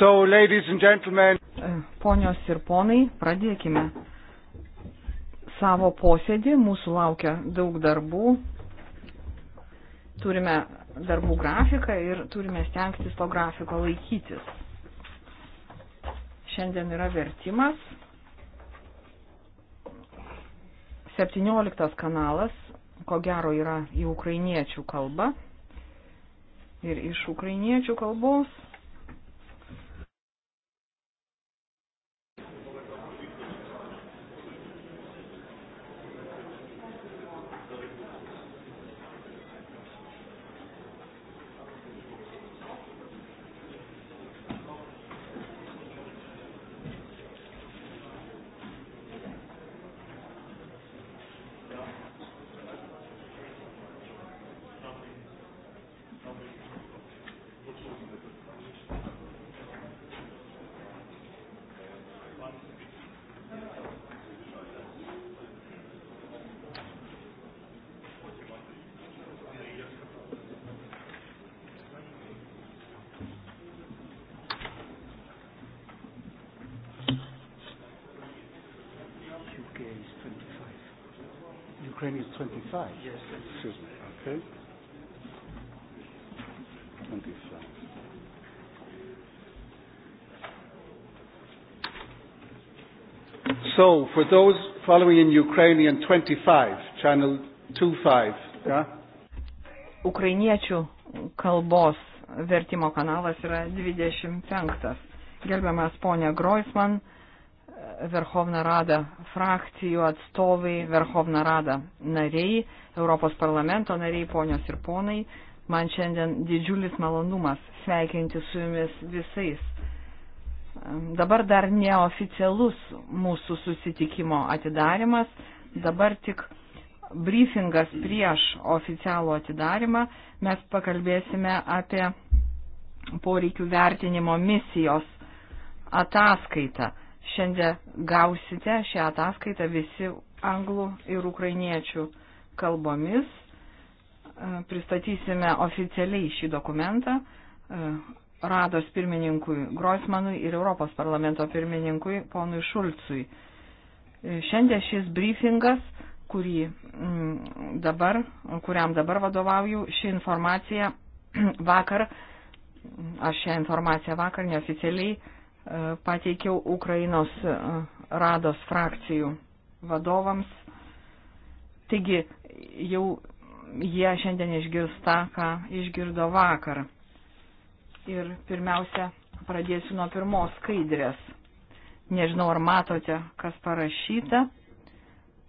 So, ladies and gentlemen. Ponios ir ponai, pradėkime savo posėdį. Mūsų laukia daug darbų. Turime darbų grafiką ir turime stengtis to grafiko laikytis. Šiandien yra vertimas. 17 kanalas, ko gero, yra į ukrainiečių kalbą. Ir iš ukrainiečių kalbos 25? Yes. Excuse me. Okay. 25. So, for those following in Ukrainian 25, channel 25, yeah? Ukrainiečių kalbos vertimo kanalas yra 25. Gerbiamas ponė Groisman, Verhovna Rada frakcijų atstovai, Verhovna Rada nariai, Europos parlamento nariai, ponios ir ponai. Man šiandien didžiulis malonumas sveikinti su jumis visais. Dabar dar neoficialus mūsų susitikimo atidarimas, dabar tik briefingas prieš oficialų atidarimą. Mes pakalbėsime apie poreikių vertinimo misijos ataskaitą. Šiandien gausite šią ataskaitą visi anglų ir ukrainiečių kalbomis. E, pristatysime oficialiai šį dokumentą e, Rados pirmininkui Groismanui ir Europos parlamento pirmininkui ponui Šulcui. E, šiandien šis briefingas, kurį mm, dabar, kuriam dabar vadovauju, ši informacija vakar, aš šią informaciją vakar neoficialiai E, pateikiau Ukrainos e, rados frakcijų vadovams. Taigi jau jie šiandien išgirs tą, ką išgirdo vakar. Ir pirmiausia, pradėsiu nuo pirmos skaidrės. Nežinau, ar matote, kas parašyta,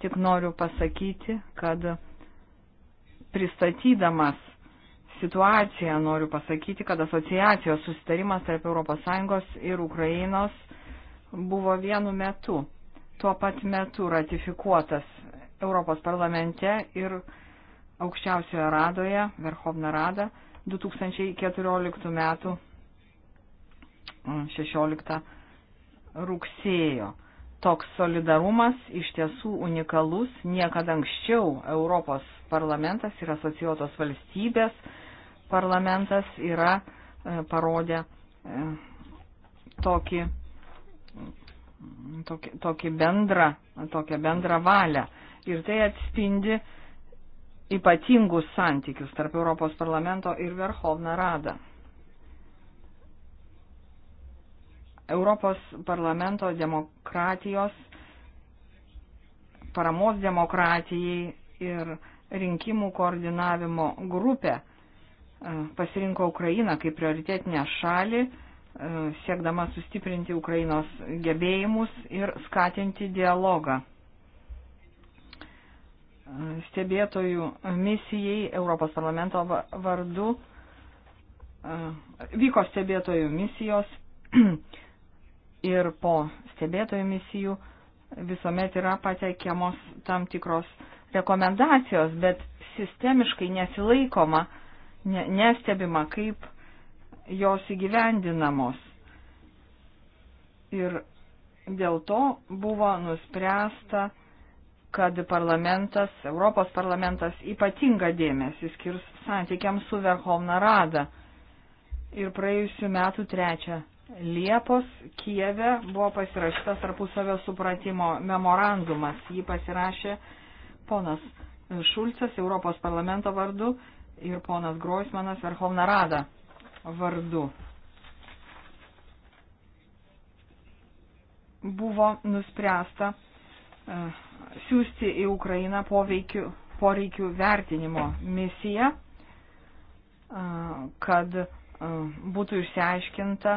tik noriu pasakyti, kad pristatydamas situaciją, noriu pasakyti, kad asociacijos susitarimas tarp ES ir Ukrainos buvo vienu metu, tuo pat metu ratifikuotas Europos parlamente ir aukščiausioje radoje, Verhovna Rada, 2014 m. 16 rugsėjo. Toks solidarumas iš tiesų unikalus, niekada anksčiau Europos parlamentas ir asocijuotos valstybės parlamentas yra e, parodę e, tokį, tokį, tokį bendrą, tokią bendrą valią. Ir tai atspindi ypatingus santykius tarp Europos parlamento ir Verhovna Rada. Europos parlamento demokratijos, paramos demokratijai ir rinkimų koordinavimo grupė E, pasirinko Ukrainą kaip prioritetinę šalį, e, siekdama sustiprinti Ukrainos gebėjimus ir skatinti dialogą. E, stebėtojų misijai Europos parlamento vardu vyko stebėtojų misijos ir po stebėtojų misijų visuomet yra pateikiamos tam tikros rekomendacijos, bet sistemiškai nesilaikoma uh, ne, nestebima, kaip jos įgyvendinamos. Ir dėl to buvo nuspręsta, kad parlamentas, Europos parlamentas ypatingą dėmesį skirs santykiams su Verhovna Rada. Ir praėjusiu metu trečią Liepos Kieve buvo pasirašytas tarpusavio supratimo memorandumas. Jį pasirašė ponas Šulcas Europos parlamento vardu ir ponas Groismanas Verhovna Rada vardu. Buvo nuspręsta uh, siūsti į Ukrainą poveikių, poreikių vertinimo misiją, uh, kad uh, būtų išsiaiškinta,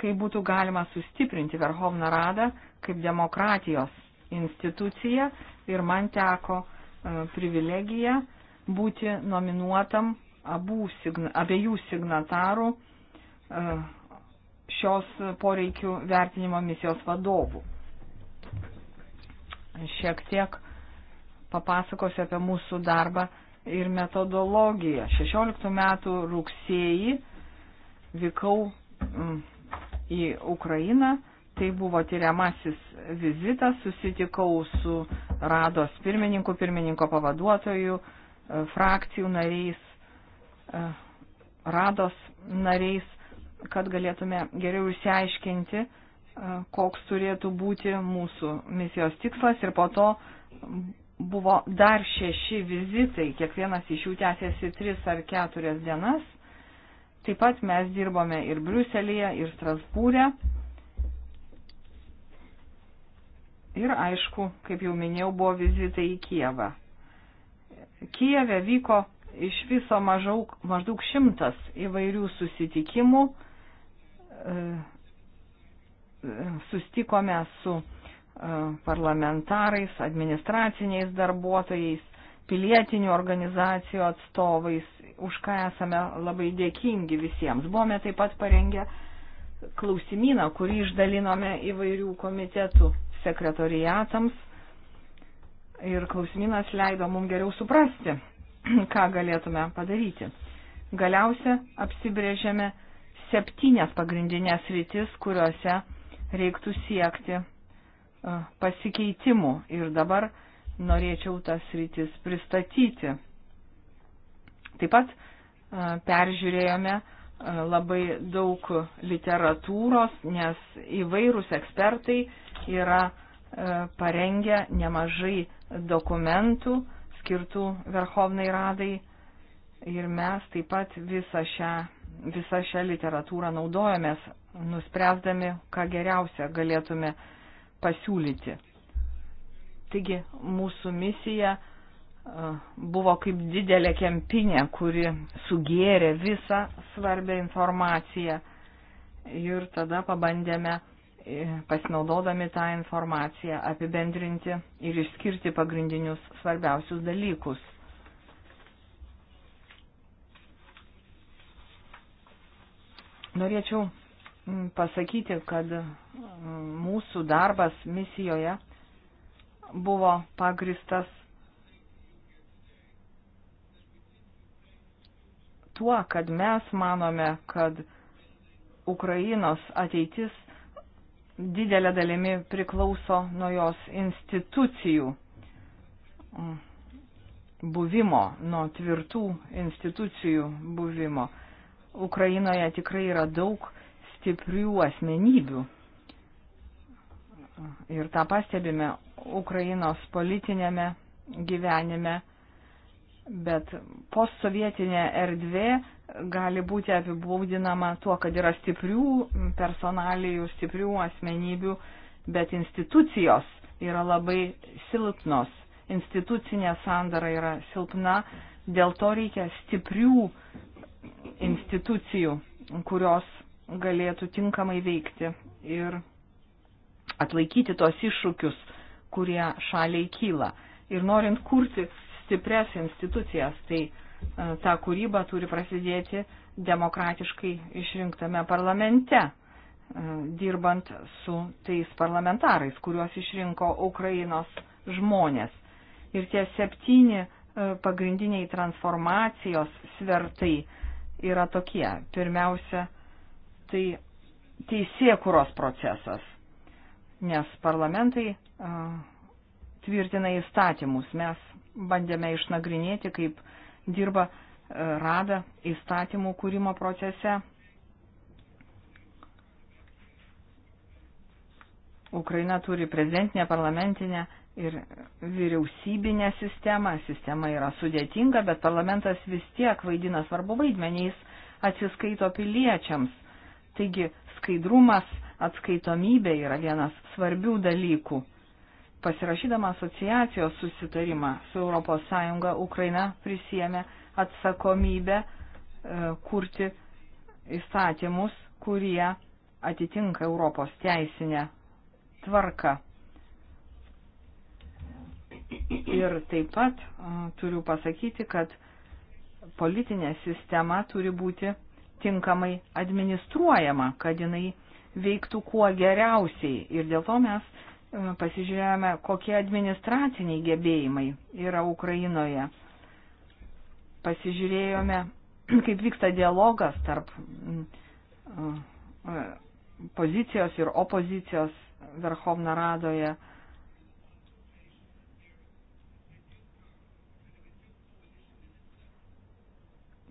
kaip būtų galima sustiprinti Verhovną Radą kaip demokratijos instituciją ir man teko privilegija uh, būti nominuotam signa, abiejų signatarų e, šios poreikių vertinimo misijos vadovų. Šiek tiek papasakosiu apie mūsų darbą ir metodologiją. 16 metų rugsėjį vykau mm, į Ukrainą, tai buvo tyriamasis vizitas, susitikau su Rados pirmininku, pirmininko pavaduotoju, frakcijų nariais, e, rados nariais, kad galėtume geriau išsiaiškinti, e, koks turėtų būti mūsų misijos tikslas ir po to buvo dar šeši vizitai, kiekvienas iš jų tęsiasi tris ar keturias dienas. Taip pat mes dirbome ir Briuselėje, ir Strasbūrė. Ir aišku, kaip jau minėjau, buvo vizitai į Kievą. Kijeve vyko iš viso mažaug, maždaug šimtas įvairių susitikimų. E, e, sustikome su e, parlamentarais, administraciniais darbuotojais, pilietinių organizacijų atstovais, už ką esame labai dėkingi visiems. Buvome taip pat parengę klausimyną, kurį išdalinome įvairių komitetų sekretoriatams ir klausimynas leido mums geriau suprasti, ką galėtume padaryti. Galiausia apsibrėžėme septynės pagrindinės rytis, kuriuose reiktų siekti e, pasikeitimų ir dabar norėčiau tas rytis pristatyti. Taip pat e, peržiūrėjome e, labai daug literatūros, nes įvairūs ekspertai yra E, parengę nemažai dokumentų skirtų Verhovnai Radai ir mes taip pat visą šią, visą šią literatūrą naudojamės, nuspręsdami, ką geriausia galėtume pasiūlyti. Taigi mūsų misija e, buvo kaip didelė kempinė, kuri sugėrė visą svarbę informaciją ir tada pabandėme pasinaudodami tą informaciją, apibendrinti ir išskirti pagrindinius svarbiausius dalykus. Norėčiau mm, pasakyti, kad mm, mūsų darbas misijoje buvo pagristas tuo, kad mes manome, kad Ukrainos ateitis didelė dalimi priklauso nuo jos institucijų mm, buvimo, nuo tvirtų institucijų buvimo. Ukrainoje tikrai yra daug stiprių asmenybių. Ir tą pastebime Ukrainos politinėme gyvenime Bet postsovietinė erdvė gali būti apibūdinama tuo, kad yra stiprių personalijų, stiprių asmenybių, bet institucijos yra labai silpnos. Institucinė sandara yra silpna, dėl to reikia stiprių institucijų, kurios galėtų tinkamai veikti ir atlaikyti tos iššūkius, kurie šaliai kyla. Ir norint kurti stipres institucijas, tai e, ta kūryba turi prasidėti demokratiškai išrinktame parlamente, e, dirbant su tais parlamentarais, kuriuos išrinko Ukrainos žmonės. Ir tie septyni e, pagrindiniai transformacijos svertai yra tokie. Pirmiausia, tai teisėkuros procesas, nes parlamentai tvirtina įstatymus, mes bandėme išnagrinėti, kaip dirba e, rada įstatymų kūrimo procese. Ukraina turi prezidentinę, parlamentinę ir vyriausybinę sistemą. Sistema yra sudėtinga, bet parlamentas vis tiek vaidina svarbu vaidmenys, atsiskaito piliečiams. Taigi skaidrumas, atskaitomybė yra vienas svarbių dalykų pasirašydama asociacijos susitarimą su ES Ukraina prisėmė atsakomybę e, kurti įstatymus, kurie atitinka Europos teisinę tvarką. Ir taip pat e, turiu pasakyti, kad politinė sistema turi būti tinkamai administruojama, kad jinai veiktų kuo geriausiai. Ir dėl to mes Mm, pasižiūrėjome, kokie administraciniai gebėjimai yra Ukrainoje. Pasižiūrėjome, kaip vyksta dialogas tarp mm, mm, pozicijos ir opozicijos Verhovna Radoje.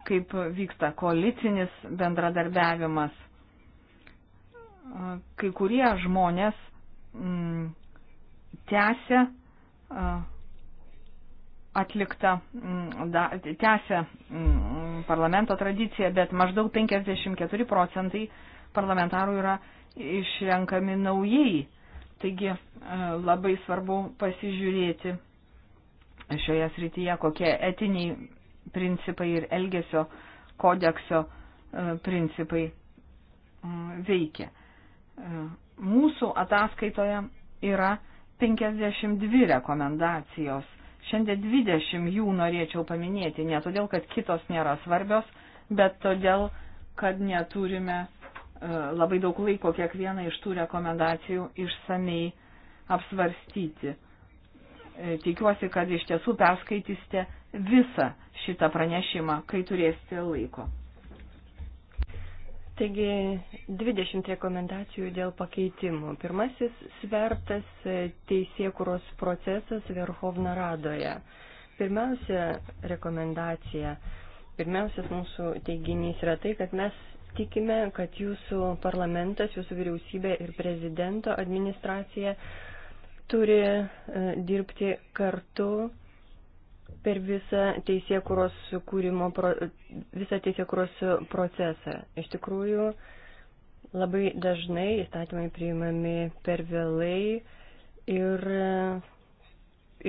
kaip vyksta koalicinis bendradarbiavimas. Kai kurie žmonės mm, tęsia atlikta, mm, da, tęsia mm, parlamento tradicija, bet maždaug 54 procentai parlamentarų yra išrenkami naujai. Taigi labai svarbu pasižiūrėti šioje srityje, kokie etiniai principai ir elgesio kodekso principai veikia. Mūsų ataskaitoje yra 52 rekomendacijos. Šiandien 20 jų norėčiau paminėti, ne todėl, kad kitos nėra svarbios, bet todėl, kad neturime e, labai daug laiko kiekvieną iš tų rekomendacijų išsamei apsvarstyti. E, tikiuosi, kad iš tiesų perskaitysite visą šitą pranešimą, kai turėsite laiko. Taigi 20 rekomendacijų dėl pakeitimų. Pirmasis svertas teisėkuros procesas Verhovna Radoje. Pirmiausia rekomendacija, pirmiausias mūsų teiginys yra tai, kad mes tikime, kad jūsų parlamentas, jūsų vyriausybė ir prezidento administracija turi e, dirbti kartu per visą teisėkuros kūrimo, visą teisėkuros procesą. Iš tikrųjų, labai dažnai įstatymai priimami per vėlai ir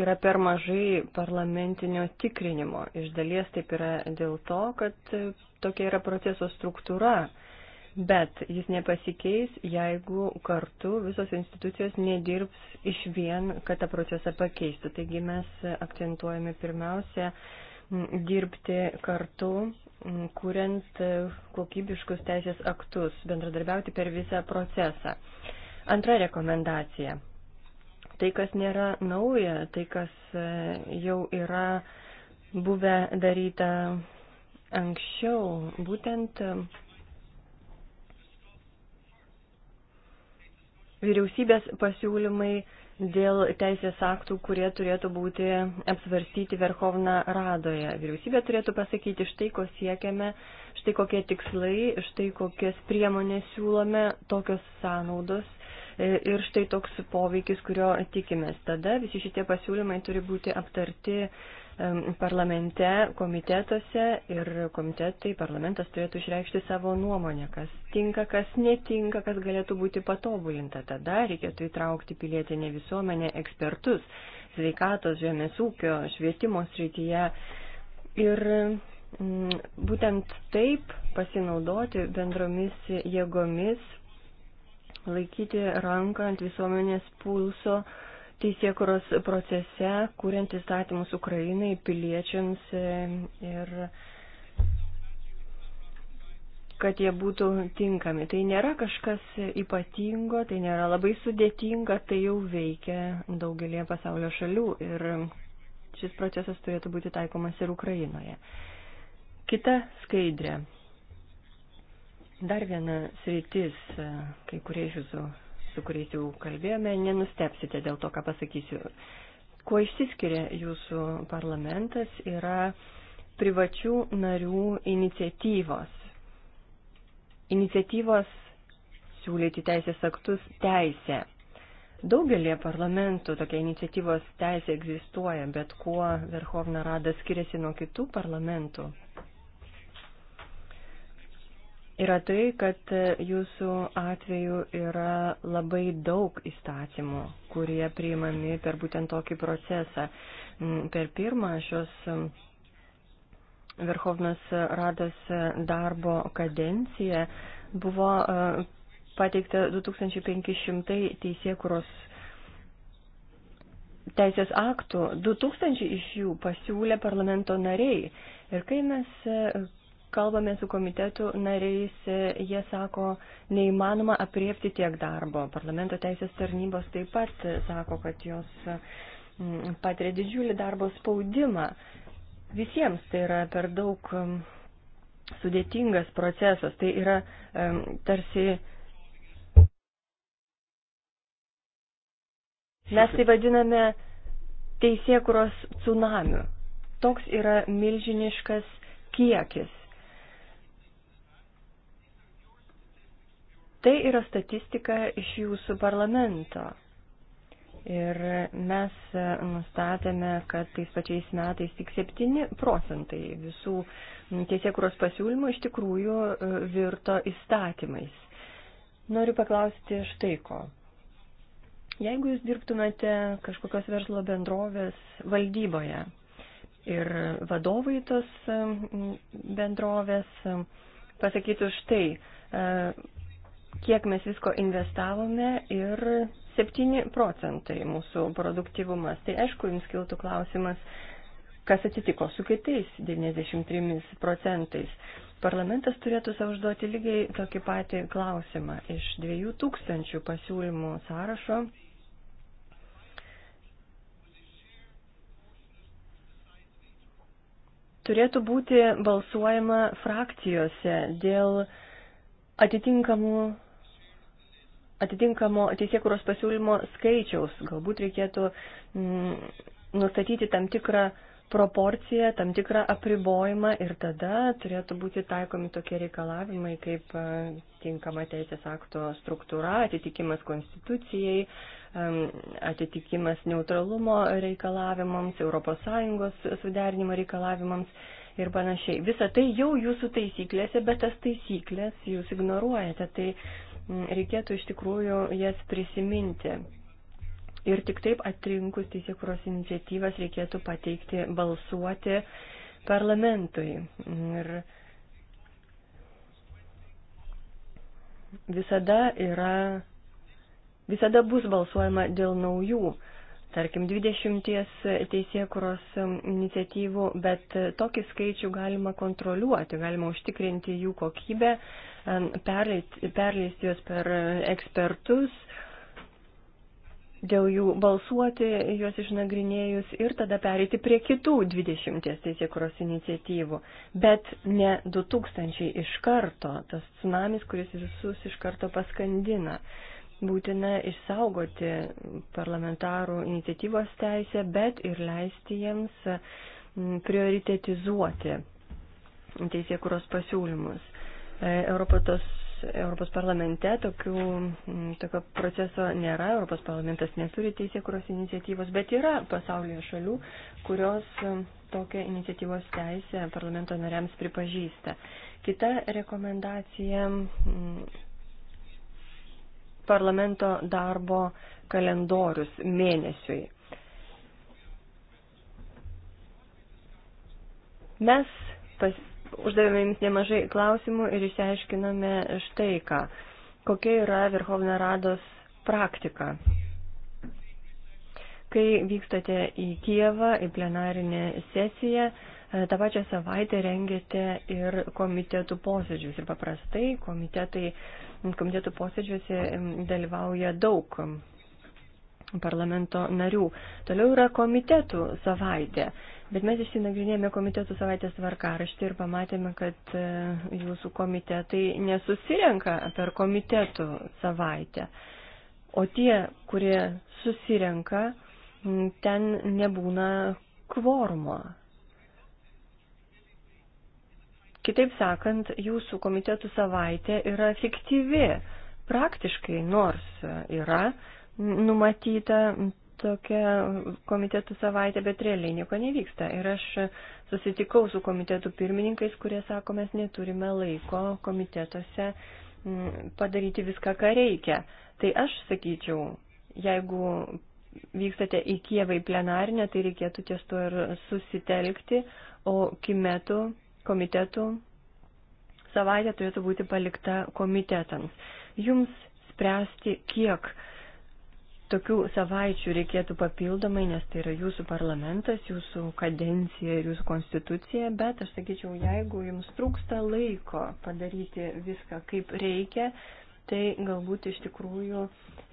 yra per mažai parlamentinio tikrinimo. Iš dalies taip yra dėl to, kad tokia yra proceso struktūra bet jis nepasikeis, jeigu kartu visos institucijos nedirbs iš vien, kad tą procesą pakeistų. Taigi mes akcentuojame pirmiausia dirbti kartu, kuriant e, kokybiškus teisės aktus, bendradarbiauti per visą procesą. Antra rekomendacija. Tai, kas nėra nauja, tai, kas e, jau yra buvę daryta anksčiau, būtent vyriausybės pasiūlymai dėl teisės aktų, kurie turėtų būti apsvarstyti Verhovna Radoje. Vyriausybė turėtų pasakyti štai ko siekiame, štai kokie tikslai, štai kokias priemonės siūlome, tokios sąnaudos e, ir štai toks poveikis, kurio tikimės. Tada visi šitie pasiūlymai turi būti aptarti parlamente, komitetuose ir komitetai, parlamentas turėtų išreikšti savo nuomonę, kas tinka, kas netinka, kas galėtų būti patobulinta. Tada reikėtų įtraukti pilietinę visuomenę, ekspertus, sveikatos, žemės ūkio, švietimo srityje. Ir būtent taip pasinaudoti bendromis jėgomis, laikyti ranką ant visuomenės pulso, teisėkuros procese, kuriant įstatymus Ukrainai, piliečiams e, ir kad jie būtų tinkami. Tai nėra kažkas ypatingo, tai nėra labai sudėtinga, tai jau veikia daugelie pasaulio šalių ir šis procesas turėtų būti taikomas ir Ukrainoje. Kita skaidrė. Dar viena sritis, e, kai kurie iš jūsų su kuriais jau kalbėjome, nenustepsite dėl to, ką pasakysiu. Kuo išsiskiria jūsų parlamentas yra privačių narių iniciatyvos. Iniciatyvos siūlyti teisės aktus teisė. Daugelie parlamentų tokia iniciatyvos teisė egzistuoja, bet kuo Verhovna Rada skiriasi nuo kitų parlamentų, yra tai, kad jūsų atveju yra labai daug įstatymų, kurie priimami per būtent tokį procesą. Mm, per pirmą šios mm, Verhovnas Rados darbo kadenciją buvo e, pateikta 2500 teisėkuros teisės aktų, 2000 iš jų pasiūlė parlamento nariai. Ir kai mes e, kalbame su komitetų nariais, jie sako, neįmanoma apriepti tiek darbo. Parlamento teisės tarnybos taip pat sako, kad jos mm, patiria didžiulį darbo spaudimą. Visiems tai yra per daug mm, sudėtingas procesas. Tai yra mm, tarsi Mes tai vadiname teisėkuros tsunamiu. Toks yra milžiniškas kiekis Tai yra statistika iš jūsų parlamento. Ir mes e, nustatėme, kad tais pačiais metais tik 7 procentai visų tiesiekuros pasiūlymų iš tikrųjų e, virto įstatymais. Noriu paklausti štai ko. Jeigu jūs dirbtumėte kažkokios verslo bendrovės valdyboje ir vadovai tos bendrovės pasakytų štai, e, kiek mes visko investavome ir 7 procentai mūsų produktivumas. Tai aišku, jums kiltų klausimas, kas atsitiko su kitais 93 procentais. Parlamentas turėtų savo užduoti lygiai tokį patį klausimą. Iš 2000 pasiūlymų sąrašo turėtų būti balsuojama frakcijose dėl atitinkamų atitinkamo teisėkuros pasiūlymo skaičiaus. Galbūt reikėtų mm, nustatyti tam tikrą proporciją, tam tikrą apribojimą ir tada turėtų būti taikomi tokie reikalavimai kaip e, tinkama teisės akto struktūra, atitikimas konstitucijai, e, atitikimas neutralumo reikalavimams, ES suderinimo reikalavimams ir panašiai. Visa tai jau jūsų taisyklėse, bet tas taisyklės jūs ignoruojate. Tai Mm, reikėtų iš tikrųjų jas prisiminti. Ir tik taip atrinkus teisėkuros iniciatyvas reikėtų pateikti balsuoti parlamentui. Ir visada yra, visada bus balsuojama dėl naujų tarkim, 20 teisėkuros iniciatyvų, bet tokį skaičių galima kontroliuoti, galima užtikrinti jų kokybę, perleisti juos per ekspertus, dėl jų balsuoti, juos išnagrinėjus ir tada pereiti prie kitų 20 teisėkuros iniciatyvų. Bet ne 2000 iš karto, tas tsunamis, kuris visus iš karto paskandina būtina išsaugoti parlamentarų iniciatyvos teisę, bet ir leisti jiems prioritetizuoti teisėkuros pasiūlymus. E, Europos, Europos parlamente tokių, tokio proceso nėra, Europos parlamentas neturi teisėkuros iniciatyvos, bet yra pasaulyje šalių, kurios tokią iniciatyvos teisę parlamento nariams pripažįsta. Kita rekomendacija parlamento darbo kalendorius mėnesiui. Mes pas, uždavėme jums nemažai klausimų ir išsiaiškinome štai ką. Kokia yra Verhovna Rados praktika? Kai vykstate į Kievą, į plenarinę sesiją, e, tą pačią savaitę rengiate ir komitetų posėdžius. Ir paprastai komitetai uh, komitetų posėdžiuose dalyvauja daug parlamento narių. Toliau yra komitetų savaitė. Bet mes išsinagrinėjome komitetų savaitės tvarkaraštį ir pamatėme, kad e, jūsų komitetai nesusirenka per komitetų savaitę. O tie, kurie susirenka, ten nebūna kvormo. Kitaip sakant, jūsų komitetų savaitė yra fiktyvi. Praktiškai nors yra numatyta tokia komitetų savaitė, bet realiai nieko nevyksta. Ir aš susitikau su komitetų pirmininkais, kurie sako, mes neturime laiko komitetuose mm, padaryti viską, ką reikia. Tai aš sakyčiau, jeigu vykstate į Kievą į plenarinę, tai reikėtų ties tuo ir susitelkti, o kimetų komitetų savaitė turėtų būti palikta komitetams. Jums spręsti, kiek tokių savaičių reikėtų papildomai, nes tai yra jūsų parlamentas, jūsų kadencija ir jūsų konstitucija, bet aš sakyčiau, jeigu jums trūksta laiko padaryti viską kaip reikia, tai galbūt iš tikrųjų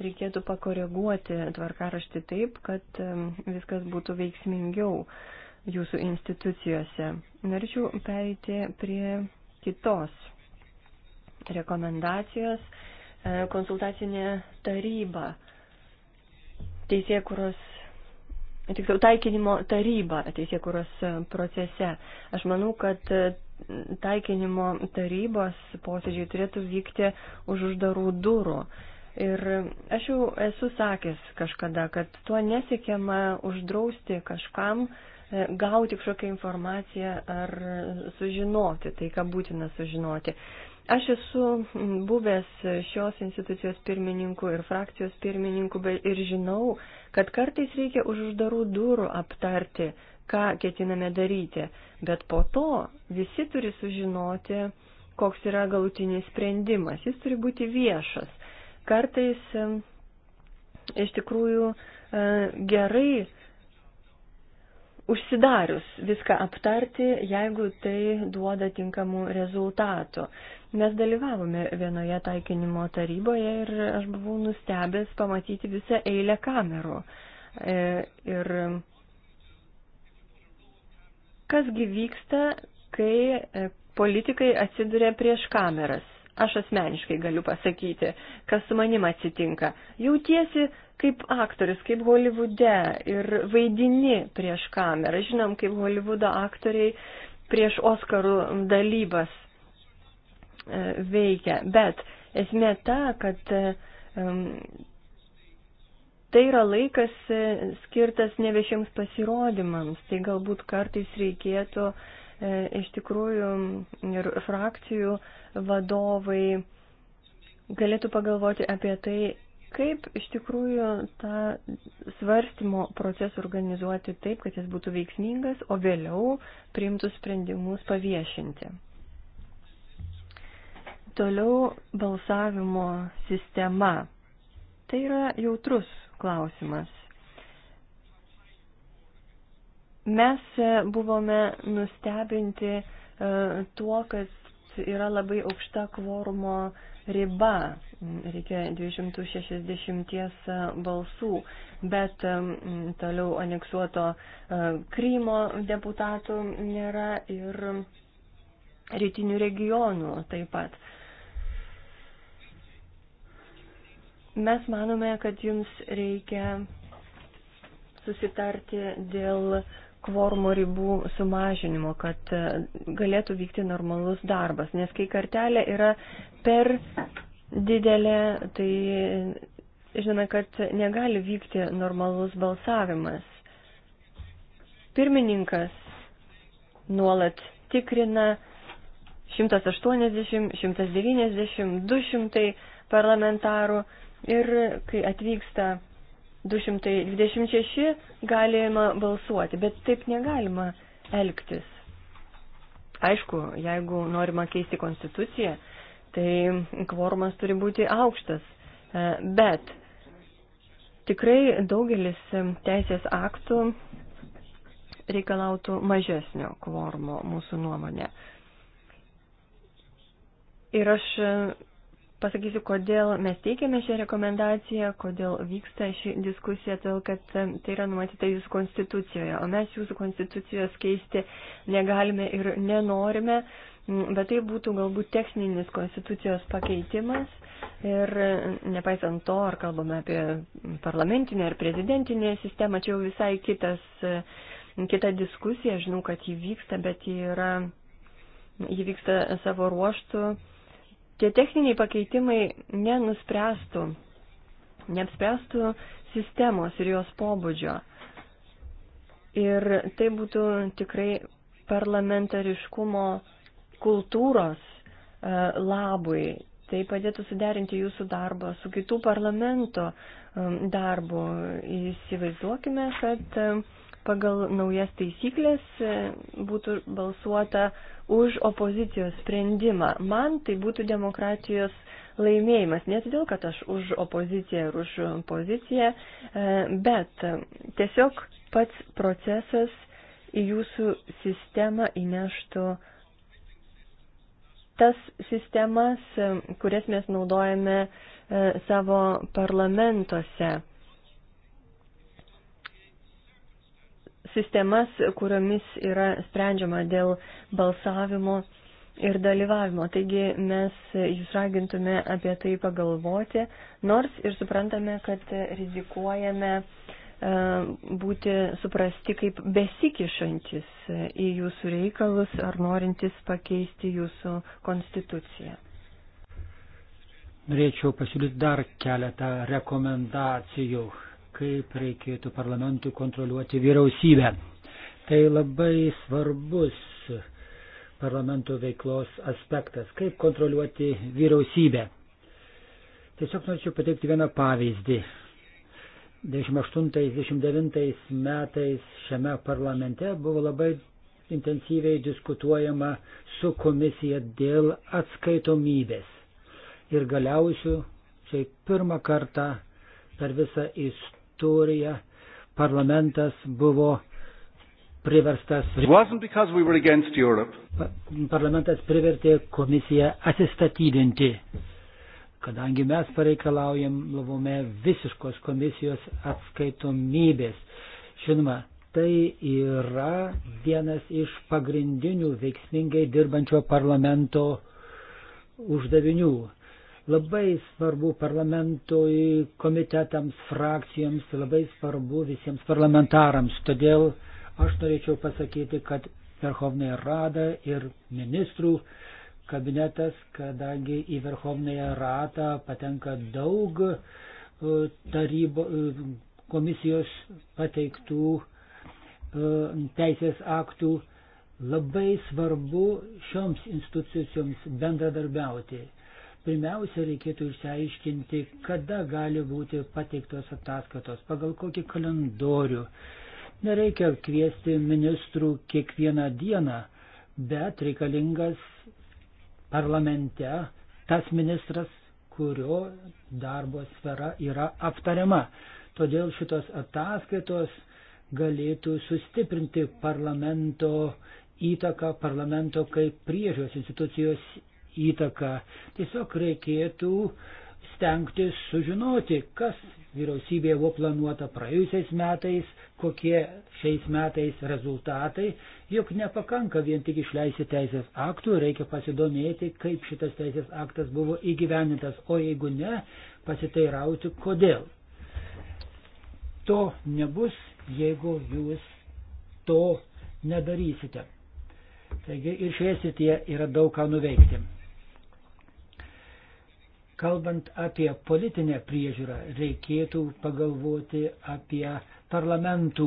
reikėtų pakoreguoti tvarkaraštį taip, kad um, viskas būtų veiksmingiau. Uh, jūsų institucijose. Norėčiau pereiti prie kitos rekomendacijos e, konsultacinė taryba, teisėkuros, tiksliau taikinimo taryba teisėkuros procese. Aš manau, kad taikinimo tarybos posėdžiai turėtų vykti už uždarų durų. Ir aš jau esu sakęs kažkada, kad tuo nesiekiama uždrausti kažkam, uh, E, gauti kažkokią informaciją ar sužinoti tai, ką būtina sužinoti. Aš esu buvęs šios institucijos pirmininku ir frakcijos pirmininku ir žinau, kad kartais reikia už uždarų durų aptarti, ką ketiname daryti, bet po to visi turi sužinoti, koks yra galutinis sprendimas. Jis turi būti viešas. Kartais e, iš tikrųjų e, gerai užsidarius viską aptarti, jeigu tai duoda tinkamų rezultatų. Mes dalyvavome vienoje taikinimo taryboje ir aš buvau nustebęs pamatyti visą eilę kamerų. E, ir kasgi vyksta, kai e, politikai atsiduria prieš kameras? Aš asmeniškai galiu pasakyti, kas su manim atsitinka. Jautiesi kaip aktorius, kaip Holivude ir vaidini prieš kamerą. Žinom, kaip Holivudo aktoriai prieš Oskarų dalybas e, veikia. Bet esmė ta, kad um, tai yra laikas e, skirtas neviešiems pasirodymams. Tai galbūt kartais reikėtų uh, E, iš tikrųjų ir frakcijų vadovai galėtų pagalvoti apie tai, kaip iš tikrųjų tą svarstymo procesą organizuoti taip, kad jis būtų veiksmingas, o vėliau priimtų sprendimus paviešinti. Toliau balsavimo sistema. Tai yra jautrus klausimas Mes e, buvome nustebinti e, tuo, kad yra labai aukšta kvorumo riba, reikia 260 e, balsų, bet toliau aneksuoto Krymo deputatų nėra ir rytinių regionų taip pat. Mes manome, kad jums reikia susitarti dėl uh, kvormo ribų sumažinimo, kad e, galėtų vykti normalus darbas. Nes kai kartelė yra per didelė, tai žinome, kad negali vykti normalus balsavimas. Pirmininkas nuolat tikrina 180, 190, 200 parlamentarų ir kai atvyksta 226 galima balsuoti, bet taip negalima elgtis. Aišku, jeigu norima keisti konstituciją, tai kvormas turi būti aukštas, e, bet tikrai daugelis teisės aktų reikalautų mažesnio kvormo mūsų nuomonė. Ir aš pasakysiu, kodėl mes teikiame šią rekomendaciją, kodėl vyksta ši diskusija, todėl kad tai yra numatyta jūsų konstitucijoje, o mes jūsų konstitucijos keisti negalime ir nenorime, bet tai būtų galbūt techninis konstitucijos pakeitimas ir nepaisant to, ar kalbame apie parlamentinę ar prezidentinę sistemą, čia jau visai kitas, e, kita diskusija, žinau, kad ji vyksta, bet ji yra, ji vyksta savo ruoštų tie techniniai pakeitimai nenuspręstų, neapspręstų sistemos ir jos pobūdžio. Ir tai būtų tikrai parlamentariškumo kultūros e, labui. Tai padėtų suderinti jūsų darbą su kitų parlamento darbu. Įsivaizduokime, kad pagal naujas taisyklės e, būtų balsuota už opozicijos sprendimą. Man tai būtų demokratijos laimėjimas, ne todėl, kad aš už opoziciją ir už poziciją, e, bet tiesiog pats procesas į jūsų sistemą įneštų tas sistemas, e, kurias mes naudojame savo parlamentuose sistemas, kuriomis yra sprendžiama dėl balsavimo ir dalyvavimo. Taigi mes jūs ragintume apie tai pagalvoti, nors ir suprantame, kad rizikuojame e, būti suprasti kaip besikišantis į jūsų reikalus ar norintis pakeisti jūsų konstituciją. Norėčiau pasiūlyti dar keletą rekomendacijų kaip reikėtų parlamentui kontroliuoti vyriausybę. Tai labai svarbus parlamento veiklos aspektas, kaip kontroliuoti vyriausybę. Tiesiog norėčiau pateikti vieną pavyzdį. 98-99 metais šiame parlamente buvo labai intensyviai diskutuojama su komisija dėl atskaitomybės. Ir galiausiu, čia pirmą kartą per visą istoriją istoriją parlamentas buvo priverstas. Parlamentas privertė komisiją atsistatydinti, kadangi mes pareikalaujam lavome visiškos komisijos atskaitomybės. Žinoma, tai yra vienas iš pagrindinių veiksmingai dirbančio parlamento uždavinių. Labai svarbu parlamentoj, komitetams, frakcijoms, labai svarbu visiems parlamentarams. Todėl aš norėčiau pasakyti, kad Verhovnėje Rada ir ministrų kabinetas, kadangi į Verhovnėje Radą patenka daug e, tarybo, e, komisijos pateiktų e, teisės aktų, labai svarbu šioms institucijoms bendradarbiauti. Pirmiausia, reikėtų išsiaiškinti, kada gali būti pateiktos ataskaitos, pagal kokį kalendorių. Nereikia kviesti ministrų kiekvieną dieną, bet reikalingas parlamente tas ministras, kurio darbo sfera yra aptariama. Todėl šitos ataskaitos galėtų sustiprinti parlamento įtaką, parlamento kaip priežios institucijos įtaką. Tiesiog reikėtų stengtis sužinoti, kas vyriausybėje buvo planuota praėjusiais metais, kokie šiais metais rezultatai, juk nepakanka vien tik išleisti teisės aktų, reikia pasidomėti, kaip šitas teisės aktas buvo įgyvenintas, o jeigu ne, pasiteirauti, kodėl. To nebus, jeigu jūs to nedarysite. Taigi ir šioje srityje yra daug ką nuveikti. Kalbant apie politinę priežiūrą, reikėtų pagalvoti apie parlamentų,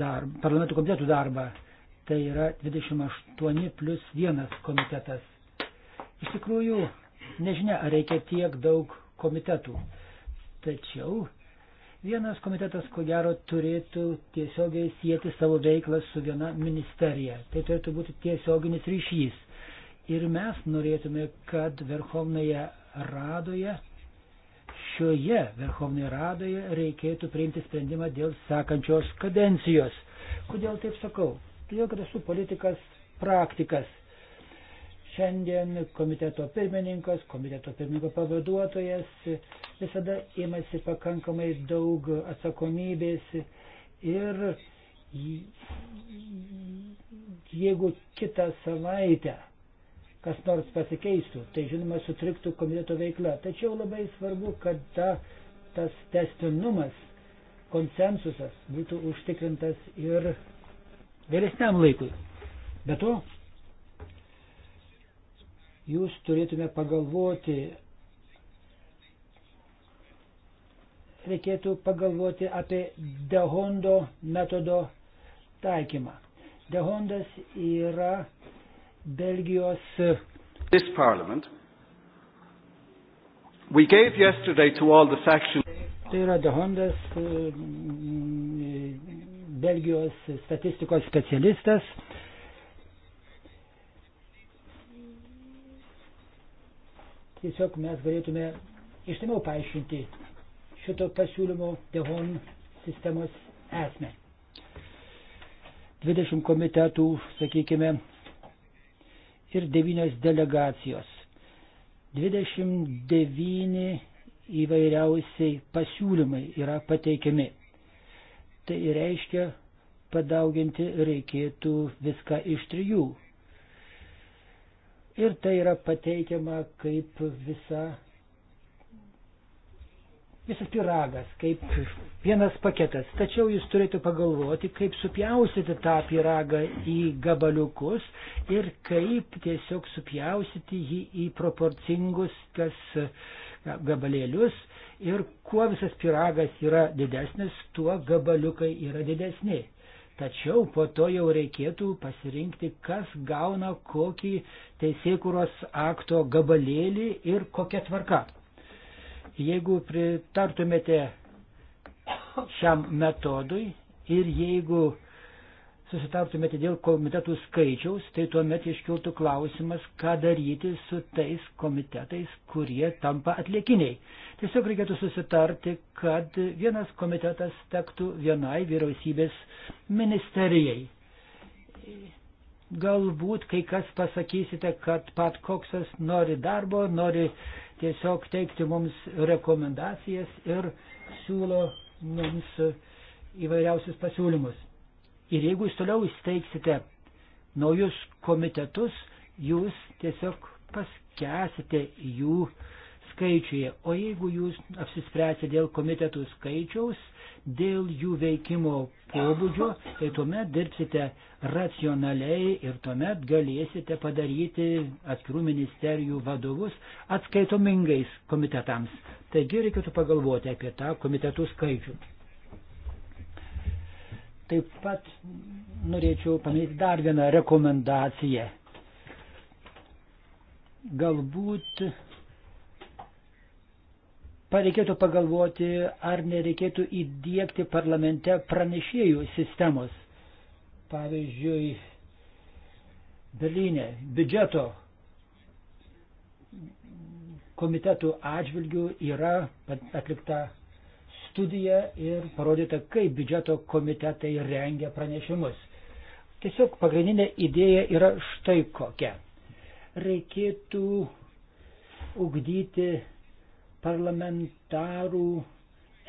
darbą, parlamentų komitetų darbą. Tai yra 28 plus 1 komitetas. Iš tikrųjų, nežinia, ar reikia tiek daug komitetų. Tačiau vienas komitetas, ko gero, turėtų tiesiogiai sieti savo veiklą su viena ministerija. Tai turėtų būti tiesioginis ryšys. Ir mes norėtume, kad Verhovnoje radoje, šioje Verhovnoje radoje reikėtų priimti sprendimą dėl sekančios kadencijos. Kodėl taip sakau? Todėl, kad esu politikas praktikas. Šiandien komiteto pirmininkas, komiteto pirmininko pavaduotojas visada imasi pakankamai daug atsakomybės ir jeigu kitą savaitę kas nors pasikeistų, tai žinoma sutriktų komiteto veikla. Tačiau labai svarbu, kad ta, tas testinumas, konsensusas būtų užtikrintas ir vėlesniam laikui. Be to, jūs turėtume pagalvoti, reikėtų pagalvoti apie Dehondo metodo taikymą. Dehondas yra Belgijos. This parliament. We gave yesterday to all the factions. Tai yra Dehondas, e, Belgijos statistikos specialistas. Tiesiog mes galėtume ištimiau paaiškinti šito pasiūlymo Dehon sistemos esmę. 20 komitetų, sakykime, ir 9 delegacijos. 29 įvairiausiai pasiūlymai yra pateikiami. Tai reiškia, padauginti reikėtų viską iš trijų. Ir tai yra pateikiama kaip visa visas piragas, kaip vienas paketas. Tačiau jūs turite pagalvoti, kaip supjausyti tą piragą į gabaliukus ir kaip tiesiog supjausyti jį į proporcingus tas e, gabalėlius. Ir kuo visas piragas yra didesnis, tuo gabaliukai yra didesni. Tačiau po to jau reikėtų pasirinkti, kas gauna kokį teisėkuros akto gabalėlį ir kokia tvarka. Jeigu pritartumėte šiam metodui ir jeigu susitartumėte dėl komitetų skaičiaus, tai tuomet iškiltų klausimas, ką daryti su tais komitetais, kurie tampa atlikiniai. Tiesiog reikėtų susitarti, kad vienas komitetas tektų vienai vyriausybės ministerijai. Galbūt kai kas pasakysite, kad pat koksas nori darbo, nori tiesiog teikti mums rekomendacijas ir siūlo mums įvairiausius pasiūlymus. Ir jeigu jūs toliau įsteigsite naujus komitetus, jūs tiesiog paskesite jų uh, skaičiuje. O jeigu jūs apsispręsite dėl komitetų skaičiaus, dėl jų veikimo pobūdžio, tai tuomet dirbsite racionaliai ir tuomet galėsite padaryti atskirų ministerijų vadovus atskaitomingais komitetams. Taigi reikėtų pagalvoti apie tą komitetų skaičių. Taip pat norėčiau paminėti dar vieną rekomendaciją. Galbūt reikėtų pagalvoti, ar nereikėtų įdėkti parlamente pranešėjų sistemos. Pavyzdžiui, Berlyne biudžeto komitetų atžvilgių yra atlikta studija ir parodyta, kaip biudžeto komitetai rengia pranešimus. Tiesiog pagrindinė idėja yra štai kokia. Reikėtų ugdyti parlamentarų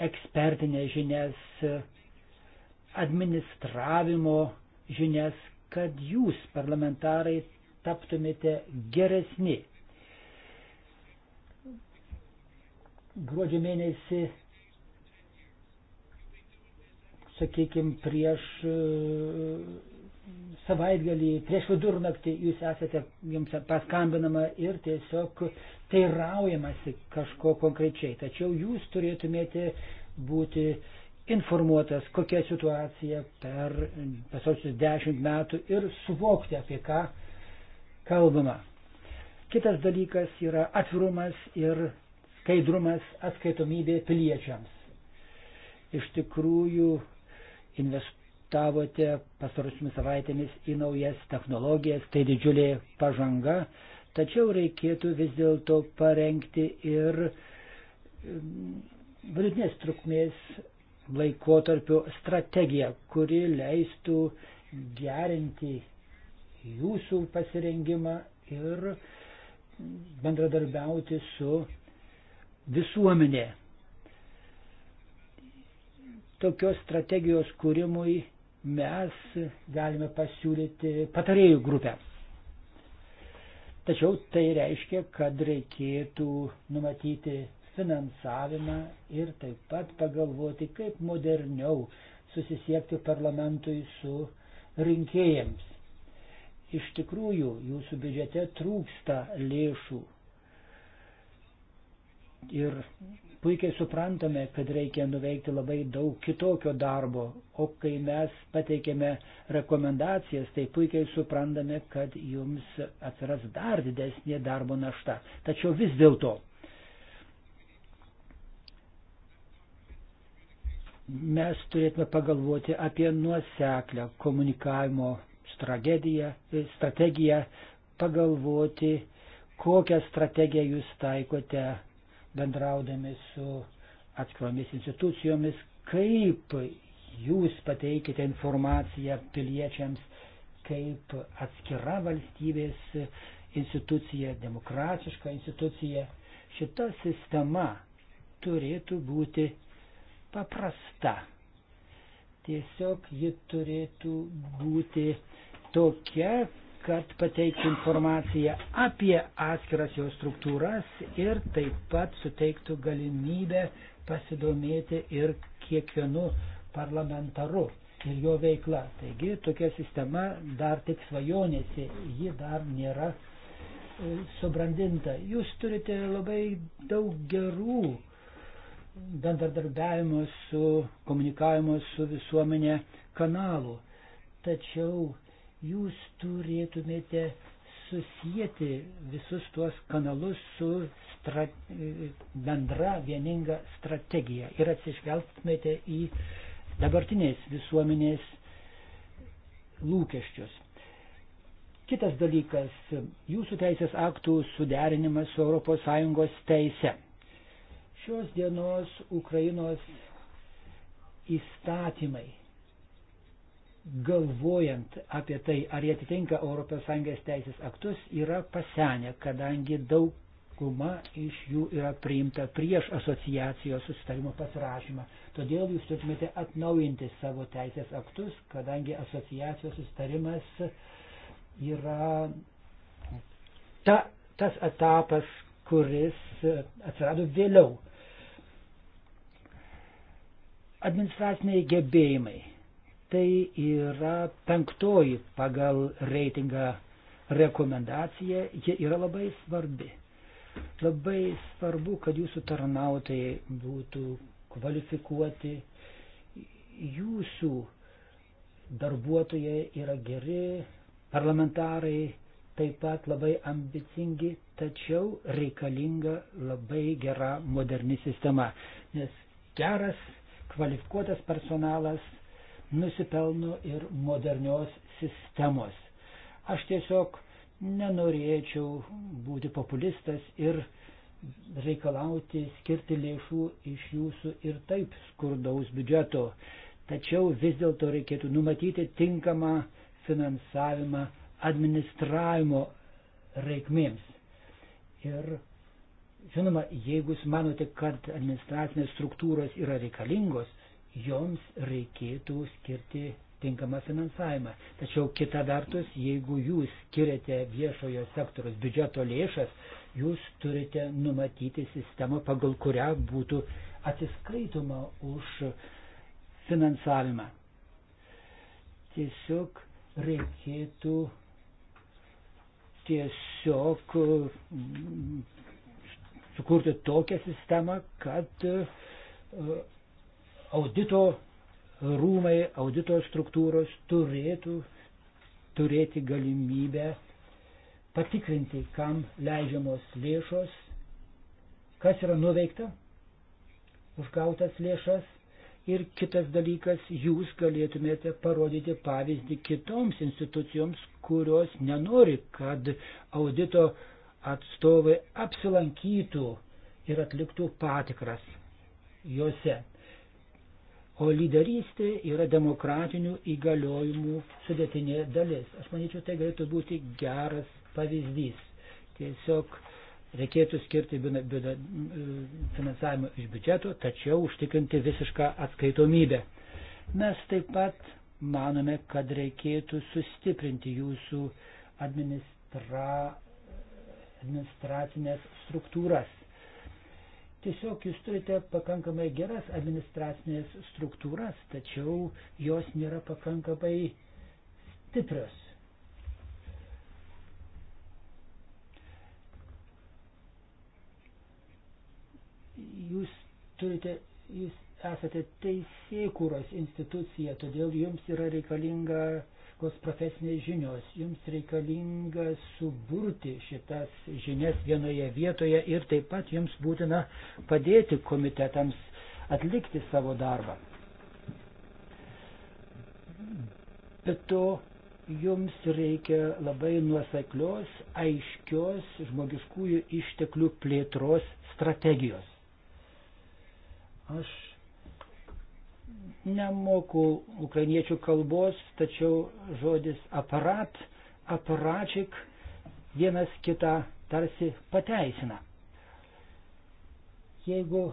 ekspertinės žinias, administravimo žinias, kad jūs, parlamentarai, taptumėte geresni. Gruodžio mėnesį, sakykime, prieš e, savaitgalį, prieš vidurnaktį jūs esate, jums paskambinama ir tiesiog teiraujamasi kažko konkrečiai. Tačiau jūs turėtumėte būti informuotas, kokia situacija per pasausius dešimt metų ir suvokti, apie ką kalbama. Kitas dalykas yra atvirumas ir skaidrumas atskaitomybė piliečiams. Iš tikrųjų, investavote pastarosiamis savaitėmis į naujas technologijas, tai didžiulė pažanga, Tačiau reikėtų vis dėlto parengti ir um, vidutinės trukmės laikotarpio strategiją, kuri leistų gerinti jūsų pasirengimą ir bendradarbiauti su visuomenė. Tokios strategijos kūrimui mes galime pasiūlyti patarėjų grupę. Tačiau tai reiškia, kad reikėtų numatyti finansavimą ir taip pat pagalvoti, kaip moderniau susisiekti parlamentui su rinkėjams. Iš tikrųjų, jūsų biudžete trūksta lėšų ir puikiai suprantame, kad reikia nuveikti labai daug kitokio darbo, o kai mes pateikėme rekomendacijas, tai puikiai suprantame, kad jums atsiras dar didesnė darbo našta. Tačiau vis dėlto mes turėtume pagalvoti apie nuoseklę komunikavimo strategiją, pagalvoti, kokią strategiją jūs taikote bendraudami su atskiromis institucijomis, kaip jūs pateikite informaciją piliečiams, kaip atskira valstybės institucija, demokratiška institucija. Šita sistema turėtų būti paprasta. Tiesiog ji turėtų būti tokia, kad pateiktų informaciją apie atskiras jo struktūras ir taip pat suteiktų galimybę pasidomėti ir kiekvienu parlamentaru ir jo veikla. Taigi tokia sistema dar tik svajonėse, ji dar nėra e, subrandinta. Jūs turite labai daug gerų bendradarbiavimo su komunikavimo su visuomenė kanalų. Tačiau Jūs turėtumėte susijęti visus tuos kanalus su strate, bendra vieninga strategija ir atsižvelgtumėte į dabartinės visuomenės lūkesčius. Kitas dalykas - jūsų teisės aktų suderinimas su ES teise. Šios dienos Ukrainos įstatymai galvojant apie tai, ar jie atitinka ES teisės aktus, yra pasenę, kadangi dauguma iš jų yra priimta prieš asociacijos susitarimo pasirašymą. Todėl jūs turėtumėte atnaujinti savo teisės aktus, kadangi asociacijos susitarimas yra ta, tas etapas, kuris atsirado vėliau. Administraciniai gebėjimai tai yra penktoji pagal reitingą rekomendacija, ji yra labai svarbi. Labai svarbu, kad jūsų tarnautojai būtų kvalifikuoti, jūsų darbuotojai yra geri, parlamentarai taip pat labai ambicingi, tačiau reikalinga labai gera moderni sistema, nes geras, kvalifikuotas personalas nusipelno ir modernios sistemos. Aš tiesiog nenorėčiau būti populistas ir reikalauti skirti lėšų iš jūsų ir taip skurdaus biudžeto. Tačiau vis dėlto reikėtų numatyti tinkamą finansavimą administravimo reikmėms. Ir žinoma, jeigu jūs manote, kad administracinės struktūros yra reikalingos, joms reikėtų skirti tinkamą finansavimą. Tačiau kita vertus, jeigu jūs skiriate viešojo sektoriaus biudžeto lėšas, jūs turite numatyti sistemą, pagal kurią būtų atsiskaitoma už finansavimą. Tiesiog reikėtų tiesiog mm, sukurti tokią sistemą, kad e, audito rūmai, audito struktūros turėtų turėti galimybę patikrinti, kam leidžiamos lėšos, kas yra nuveikta, užgautas lėšas. Ir kitas dalykas, jūs galėtumėte parodyti pavyzdį kitoms institucijoms, kurios nenori, kad audito atstovai apsilankytų ir atliktų patikras juose. O lyderystė yra demokratinių įgaliojimų sudėtinė dalis. Aš manyčiau, tai galėtų būti geras pavyzdys. Tiesiog reikėtų skirti finansavimą iš biudžeto, tačiau užtikrinti visišką atskaitomybę. Mes taip pat manome, kad reikėtų sustiprinti jūsų administra, administracinės struktūras Tiesiog jūs turite pakankamai geras administracinės struktūras, tačiau jos nėra pakankamai stiprios. Jūs turite, jūs esate teisėkūros institucija, todėl jums yra reikalinga uh, kokios profesinės žinios. Jums reikalinga suburti šitas žinias vienoje vietoje ir taip pat jums būtina padėti komitetams atlikti savo darbą. Bet to jums reikia labai nuoseklios, aiškios žmogiškųjų išteklių plėtros strategijos. Aš nemoku ukrainiečių kalbos, tačiau žodis aparat, aparačik vienas kitą tarsi pateisina. Jeigu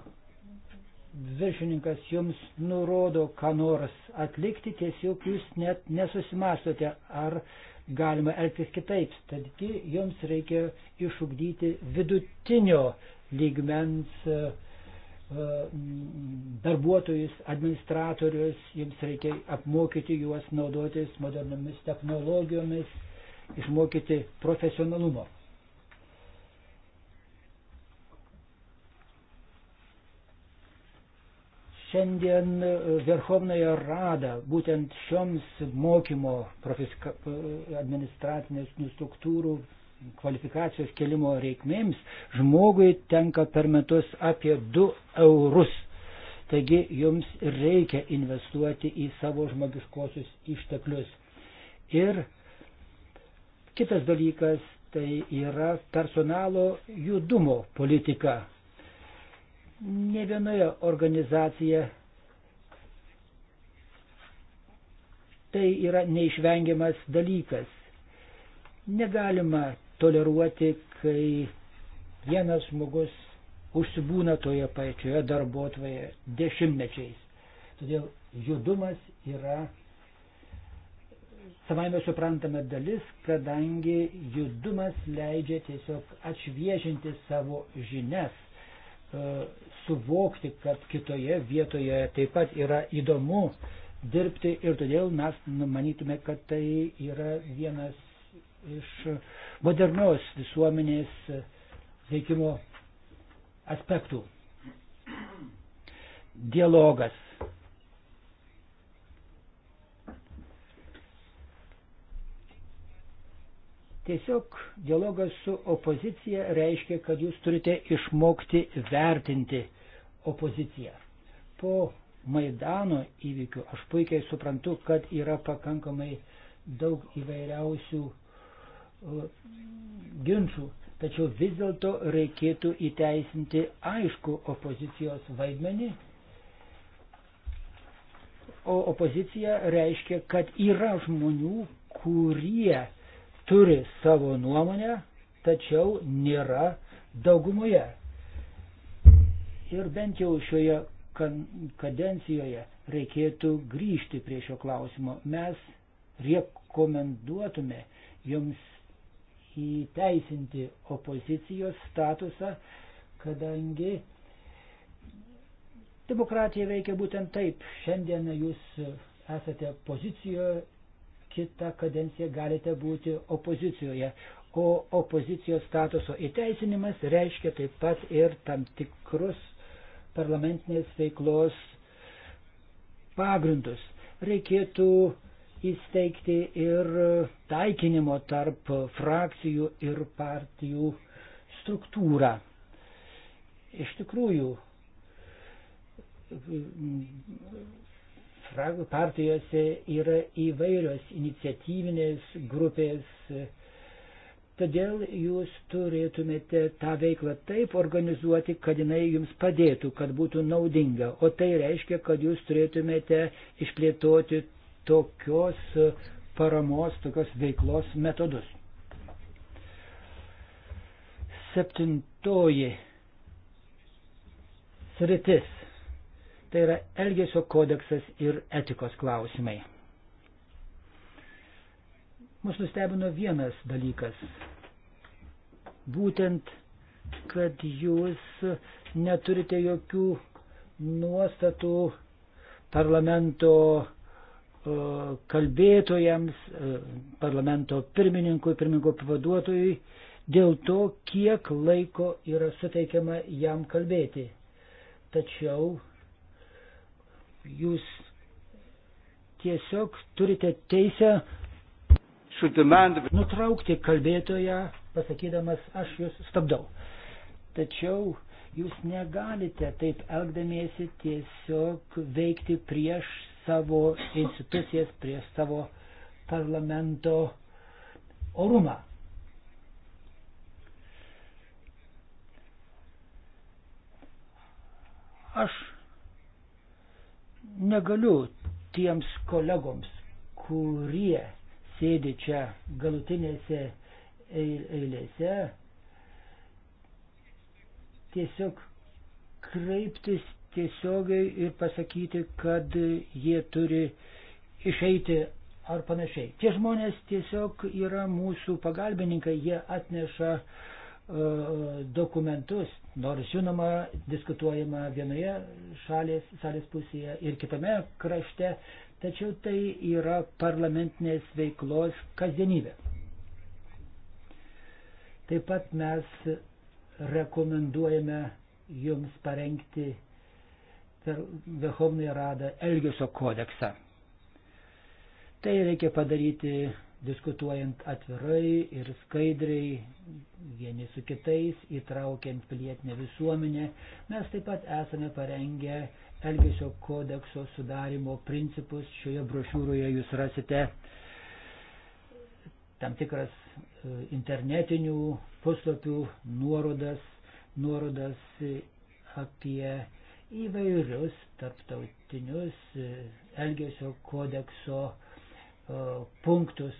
viršininkas jums nurodo, ką nors atlikti, tiesiog jūs net nesusimastote, ar galima elgtis kitaip. Tadgi jums reikia išugdyti vidutinio lygmens uh, E, darbuotojus, administratorius, jums reikia apmokyti juos naudotis moderniomis technologijomis, išmokyti profesionalumo. Šiandien e, Verhovnoje Rada būtent šioms mokymo e, administracinės struktūrų kvalifikacijos kelimo reikmėms žmogui tenka per metus apie 2 eurus. Taigi jums reikia investuoti į savo žmogiškosius išteklius. Ir kitas dalykas tai yra personalo judumo politika. Ne vienoje organizacijoje tai yra neišvengiamas dalykas. Negalima toleruoti, kai vienas žmogus užsibūna toje pačioje darbotvoje dešimtmečiais. Todėl judumas yra savaime suprantama dalis, kadangi judumas leidžia tiesiog atšviežinti savo žinias, e, suvokti, kad kitoje vietoje taip pat yra įdomu dirbti ir todėl mes manytume, kad tai yra vienas iš modernios visuomenės veikimo aspektų. Dialogas. Tiesiog dialogas su opozicija reiškia, kad jūs turite išmokti vertinti opoziciją. Po Maidano įvykių aš puikiai suprantu, kad yra pakankamai daug įvairiausių ginčių, tačiau vis dėlto reikėtų įteisinti aišku opozicijos vaidmenį. O opozicija reiškia, kad yra žmonių, kurie turi savo nuomonę, tačiau nėra daugumoje. Ir bent jau šioje kadencijoje reikėtų grįžti prie šio klausimo. Mes rekomenduotume jums įteisinti opozicijos statusą, kadangi demokratija veikia būtent taip. Šiandien jūs esate pozicijoje, kitą kadenciją galite būti opozicijoje. O opozicijos statuso įteisinimas reiškia taip pat ir tam tikrus parlamentinės veiklos pagrindus. Reikėtų įsteigti ir taikinimo tarp frakcijų ir partijų struktūrą. Iš tikrųjų, partijose yra įvairios iniciatyvinės grupės, todėl jūs turėtumėte tą veiklą taip organizuoti, kad jinai jums padėtų, kad būtų naudinga. O tai reiškia, kad jūs turėtumėte išplėtoti tokios e, paramos, tokios veiklos metodus. Septintoji sritis - tai yra Elgesio kodeksas ir etikos klausimai. Mus nustebino vienas dalykas. Būtent, kad jūs neturite jokių nuostatų parlamento E, kalbėtojams, e, parlamento pirmininkui, pirmininko pavaduotojui dėl to, kiek laiko yra suteikiama jam kalbėti. Tačiau jūs tiesiog turite teisę nutraukti kalbėtoją, pasakydamas, aš jūs stabdau. Tačiau jūs negalite taip elgdamiesi tiesiog veikti prieš savo institucijas, prieš savo parlamento orumą. Aš negaliu tiems kolegoms, kurie sėdi čia galutinėse eilėse, tiesiog kreiptis tiesiogiai ir pasakyti, kad jie turi išeiti ar panašiai. Tie žmonės tiesiog yra mūsų pagalbininkai, jie atneša uh, dokumentus, nors žinoma, diskutuojama vienoje šalės, salės pusėje ir kitame krašte, tačiau tai yra parlamentinės veiklos kasdienybė. Taip pat mes rekomenduojame jums parengti per Vehomnąją radą Elgesio kodeksą. Tai reikia padaryti diskutuojant atvirai ir skaidriai, vieni su kitais, įtraukiant pilietinę visuomenę. Mes taip pat esame parengę Elgesio kodekso sudarimo principus. Šioje brošiūroje jūs rasite tam tikras e, internetinių puslapių nuorodas, nuorodas e, apie įvairius tarptautinius e, Elgesio kodekso e, punktus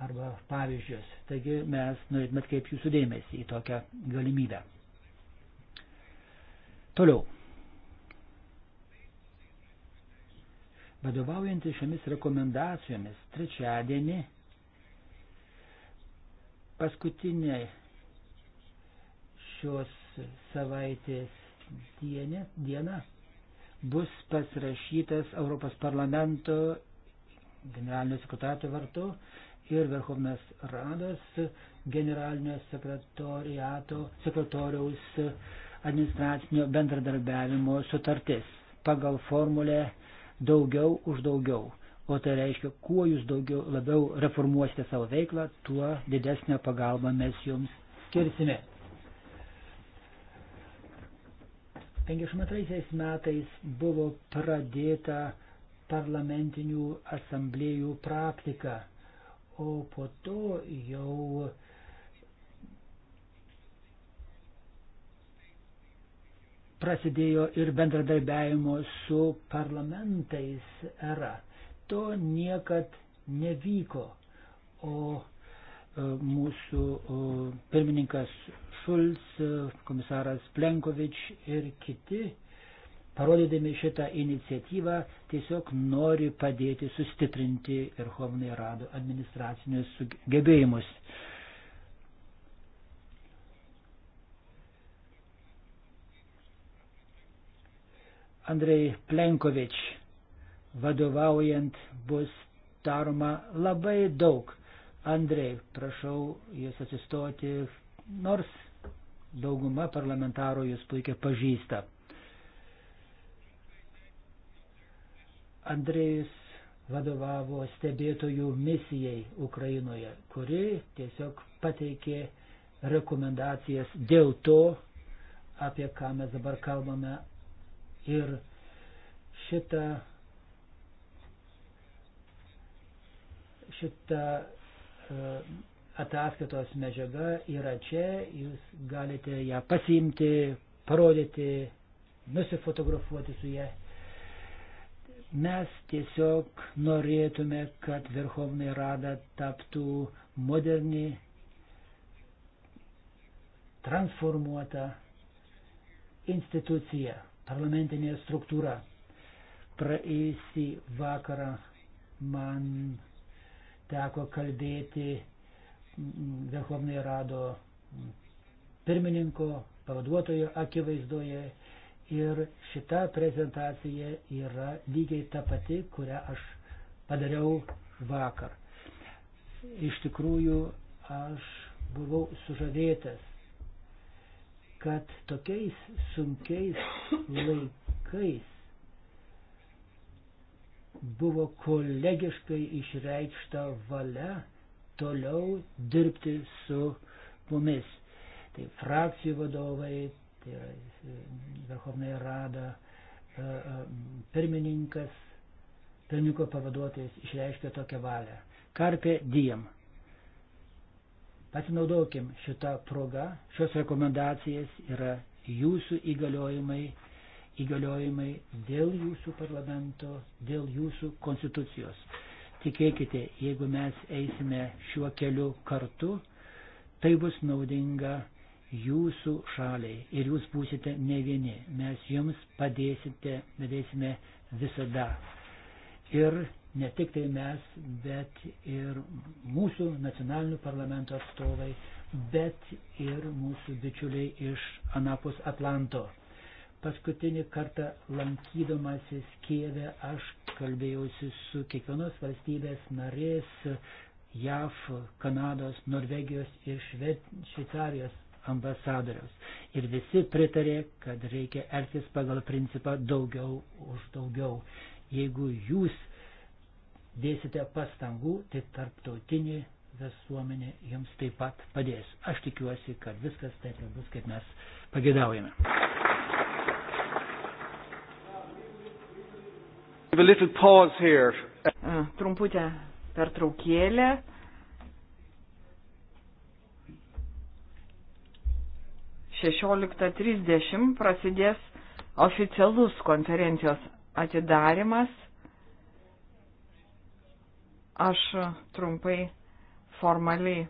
arba pavyzdžius. Taigi mes norėtume atkreipti jūsų dėmesį į tokią galimybę. Toliau. Vadovaujantis šiomis rekomendacijomis, trečiadienį paskutinė šios savaitės dienė, diena bus pasirašytas Europos parlamento generalinio sekretariato vartu ir Verhovnas Radas generalinio sekretariato sekretoriaus administracinio bendradarbiavimo sutartis pagal formulę daugiau už daugiau. O tai reiškia, kuo jūs daugiau labiau reformuosite savo veiklą, tuo didesnę pagalbą mes jums skirsime. 52 metais buvo pradėta parlamentinių asamblėjų praktika, o po to jau prasidėjo ir bendradarbiavimo su parlamentais era. To niekad nevyko, o e, mūsų pirmininkas Šulc, komisaras Plenkovič ir kiti, parodydami šitą iniciatyvą, tiesiog nori padėti sustiprinti Verhovnai Rado administracinius gebėjimus. Andrei Plenkovič vadovaujant bus daroma labai daug. Andrei, prašau jūs atsistoti nors dauguma parlamentaro jūs puikiai pažįsta. Andrėjus vadovavo stebėtojų misijai Ukrainoje, kuri tiesiog pateikė rekomendacijas dėl to, apie ką mes dabar kalbame. Ir šitą, šitą uh, e, ataskaitos medžiaga yra čia, jūs galite ją pasiimti, parodyti, nusifotografuoti su ją. Mes tiesiog norėtume, kad Verhovnai Rada taptų moderni, transformuota institucija, parlamentinė struktūra. Praėjusį vakarą man teko kalbėti Verhovnai rado pirmininko pavaduotojo akivaizdoje ir šita prezentacija yra lygiai ta pati, kurią aš padariau vakar. Iš tikrųjų, aš buvau sužavėtas, kad tokiais sunkiais laikais buvo kolegiškai išreikšta valia toliau dirbti su mumis. Tai frakcijų vadovai, tai yra e, Verhovnai Rada, e, e, pirmininkas, pirmininko pavaduotojas išreiškė tokią valią. Karpė diem. Pasinaudokim šitą progą, šios rekomendacijas yra jūsų įgaliojimai, įgaliojimai dėl jūsų parlamento, dėl jūsų konstitucijos. Tikėkite, jeigu mes eisime šiuo keliu kartu, tai bus naudinga jūsų šaliai ir jūs būsite ne vieni. Mes jums padėsite, padėsime visada. Ir ne tik tai mes, bet ir mūsų nacionalinių parlamento atstovai, bet ir mūsų bičiuliai iš Anapus Atlanto. Paskutinį kartą lankydamasis Kieve aš kalbėjausi su kiekvienos valstybės narės JAV, Kanados, Norvegijos ir Šveicarijos ambasadoriaus. Ir visi pritarė, kad reikia elgtis pagal principą daugiau už daugiau. Jeigu jūs dėsite pastangų, tai tarptautinė visuomenė jums taip pat padės. Aš tikiuosi, kad viskas taip ir bus, kaip mes pagėdaujame. Trumputė pertraukėlė. Šešioliktą trisdešimt prasidės oficialus konferencijos atidarimas. Aš trumpai formaliai,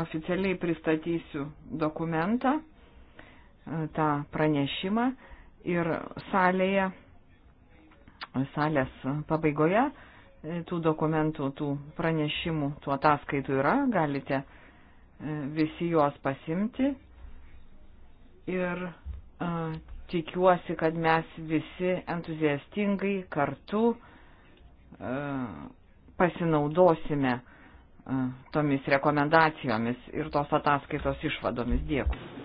oficialiai pristatysiu dokumentą, tą pranešimą ir salėje salės pabaigoje e, tų dokumentų, tų pranešimų, tų ataskaitų yra, galite e, visi juos pasimti. Ir a, e, tikiuosi, kad mes visi entuziastingai kartu a, pasinaudosime a, tomis rekomendacijomis ir tos ataskaitos išvadomis. Dėkui.